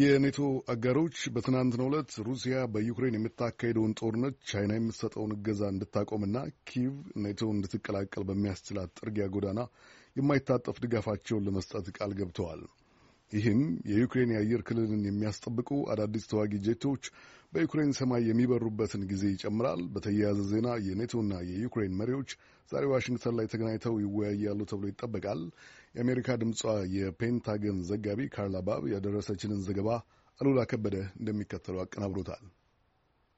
የኔቶ አጋሮች በትናንትናው ዕለት ሩሲያ በዩክሬን የምታካሄደውን ጦርነት ቻይና የምትሰጠውን እገዛ እንድታቆምና ኪቭ ኔቶ እንድትቀላቀል በሚያስችላት ጥርጊያ ጎዳና የማይታጠፍ ድጋፋቸውን ለመስጠት ቃል ገብተዋል። ይህም የዩክሬን የአየር ክልልን የሚያስጠብቁ አዳዲስ ተዋጊ ጄቶች በዩክሬን ሰማይ የሚበሩበትን ጊዜ ይጨምራል። በተያያዘ ዜና የኔቶና የዩክሬን መሪዎች ዛሬ ዋሽንግተን ላይ ተገናኝተው ይወያያሉ ተብሎ ይጠበቃል። የአሜሪካ ድምጿ የፔንታገን ዘጋቢ ካርላ ባብ ያደረሰችንን ዘገባ አሉላ ከበደ እንደሚከተለው አቀናብሮታል።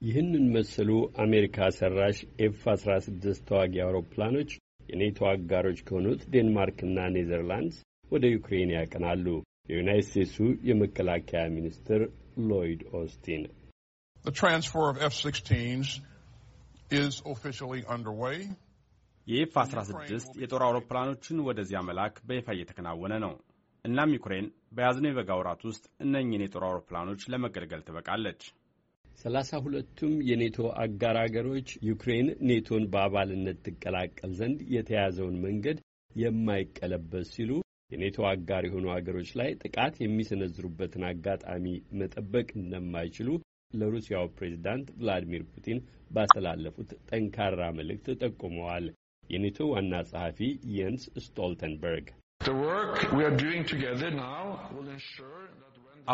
ይህንን መሰሉ አሜሪካ ሰራሽ ኤፍ 16 ተዋጊ አውሮፕላኖች የኔቶ አጋሮች ከሆኑት ዴንማርክና ኔዘርላንድስ ወደ ዩክሬን ያቀናሉ። የዩናይት ስቴትሱ የመከላከያ ሚኒስትር ሎይድ ኦስቲን የኤፍ 16 የጦር አውሮፕላኖችን ወደዚያ መላክ በይፋ እየተከናወነ ነው። እናም ዩክሬን በያዝነው የበጋ ወራት ውስጥ እነኝን የጦር አውሮፕላኖች ለመገልገል ትበቃለች። ሰላሳ ሁለቱም የኔቶ አጋር አገሮች ዩክሬን ኔቶን በአባልነት ትቀላቀል ዘንድ የተያዘውን መንገድ የማይቀለበስ ሲሉ የኔቶ አጋር የሆኑ ሀገሮች ላይ ጥቃት የሚሰነዝሩበትን አጋጣሚ መጠበቅ እንደማይችሉ ለሩሲያው ፕሬዚዳንት ቭላዲሚር ፑቲን ባስተላለፉት ጠንካራ መልእክት ጠቁመዋል። የኔቶ ዋና ጸሐፊ የንስ ስቶልተንበርግ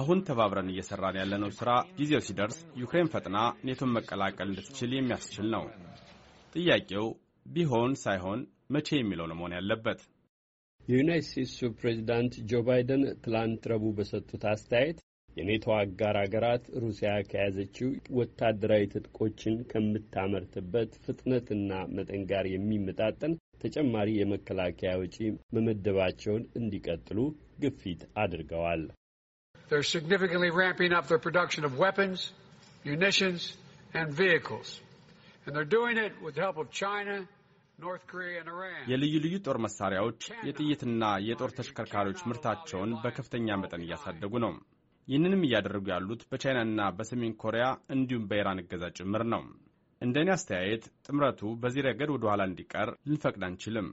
አሁን ተባብረን እየሰራን ያለነው ሥራ ጊዜው ሲደርስ ዩክሬን ፈጥና ኔቶን መቀላቀል እንድትችል የሚያስችል ነው። ጥያቄው ቢሆን ሳይሆን መቼ የሚለው ነው መሆን ያለበት። የዩናይት ስቴትሱ ፕሬዚዳንት ጆ ባይደን ትላንት ረቡዕ በሰጡት አስተያየት የኔቶ አጋር አገራት ሩሲያ ከያዘችው ወታደራዊ ትጥቆችን ከምታመርትበት ፍጥነትና መጠን ጋር የሚመጣጠን ተጨማሪ የመከላከያ ወጪ መመደባቸውን እንዲቀጥሉ ግፊት አድርገዋል። munitions and vehicles. And they're doing it with the help of China የልዩ ልዩ ጦር መሳሪያዎች፣ የጥይትና የጦር ተሽከርካሪዎች ምርታቸውን በከፍተኛ መጠን እያሳደጉ ነው። ይህንንም እያደረጉ ያሉት በቻይናና በሰሜን ኮሪያ እንዲሁም በኢራን እገዛ ጭምር ነው። እንደ እኔ አስተያየት ጥምረቱ በዚህ ረገድ ወደ ኋላ እንዲቀር ልንፈቅድ አንችልም።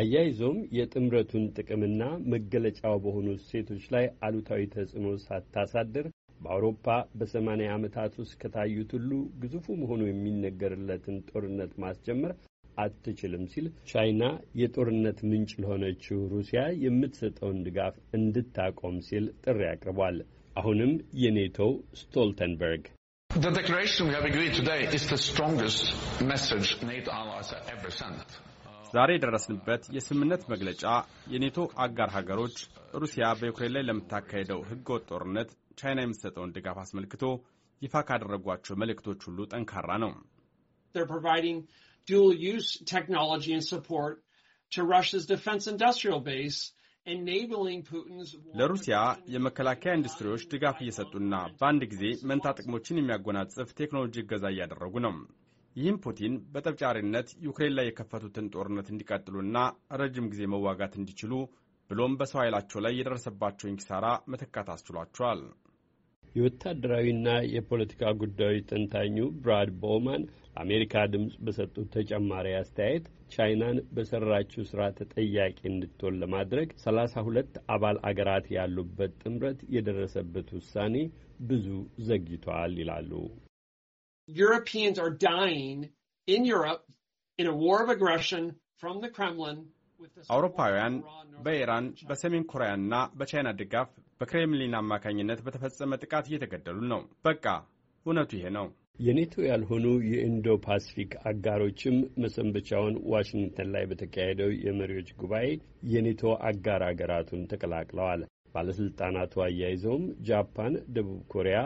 አያይዞም የጥምረቱን ጥቅምና መገለጫው በሆኑ ሴቶች ላይ አሉታዊ ተጽዕኖ ሳታሳድር በአውሮፓ በሰማንያ ዓመታት ውስጥ ከታዩት ሁሉ ግዙፉ መሆኑ የሚነገርለትን ጦርነት ማስጀመር አትችልም ሲል ቻይና የጦርነት ምንጭ ለሆነችው ሩሲያ የምትሰጠውን ድጋፍ እንድታቆም ሲል ጥሪ አቅርቧል። አሁንም የኔቶው ስቶልተንበርግ ዛሬ የደረስንበት የስምምነት መግለጫ የኔቶ አጋር ሀገሮች ሩሲያ በዩክሬን ላይ ለምታካሄደው ህገወጥ ጦርነት ቻይና የምትሰጠውን ድጋፍ አስመልክቶ ይፋ ካደረጓቸው መልእክቶች ሁሉ ጠንካራ ነው። dual use technology and support to Russia's defense industrial base, enabling Putin's ለሩሲያ የመከላከያ ኢንዱስትሪዎች ድጋፍ እየሰጡና በአንድ ጊዜ መንታ ጥቅሞችን የሚያጎናጽፍ ቴክኖሎጂ እገዛ እያደረጉ ነው። ይህም ፑቲን በጠብጫሪነት ዩክሬን ላይ የከፈቱትን ጦርነት እንዲቀጥሉና ረጅም ጊዜ መዋጋት እንዲችሉ ብሎም በሰው ኃይላቸው ላይ የደረሰባቸውን ኪሳራ መተካት አስችሏቸዋል። የወታደራዊና የፖለቲካ ጉዳዮች ተንታኙ ብራድ ቦውማን ለአሜሪካ ድምፅ በሰጡት ተጨማሪ አስተያየት ቻይናን በሰራችው ስራ ተጠያቂ እንድትሆን ለማድረግ ሰላሳ ሁለት አባል አገራት ያሉበት ጥምረት የደረሰበት ውሳኔ ብዙ ዘግይቷል ይላሉ። Europeans አር ዳይንግ ኢን ዩሮፕ ኢን a war of aggression from the አውሮፓውያን በኢራን በሰሜን ኮሪያና በቻይና ድጋፍ በክሬምሊን አማካኝነት በተፈጸመ ጥቃት እየተገደሉ ነው። በቃ እውነቱ ይሄ ነው። የኔቶ ያልሆኑ የኢንዶ ፓሲፊክ አጋሮችም መሰንበቻውን ዋሽንግተን ላይ በተካሄደው የመሪዎች ጉባኤ የኔቶ አጋር አገራቱን ተቀላቅለዋል። ባለሥልጣናቱ አያይዘውም ጃፓን፣ ደቡብ ኮሪያ፣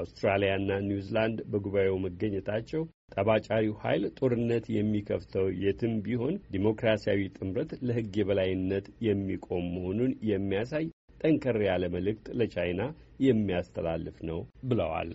አውስትራሊያና ኒውዚላንድ በጉባኤው መገኘታቸው ጠባጫሪው ኃይል ጦርነት የሚከፍተው የትም ቢሆን ዲሞክራሲያዊ ጥምረት ለሕግ የበላይነት የሚቆም መሆኑን የሚያሳይ ጠንከር ያለ መልእክት ለቻይና የሚያስተላልፍ ነው ብለዋል።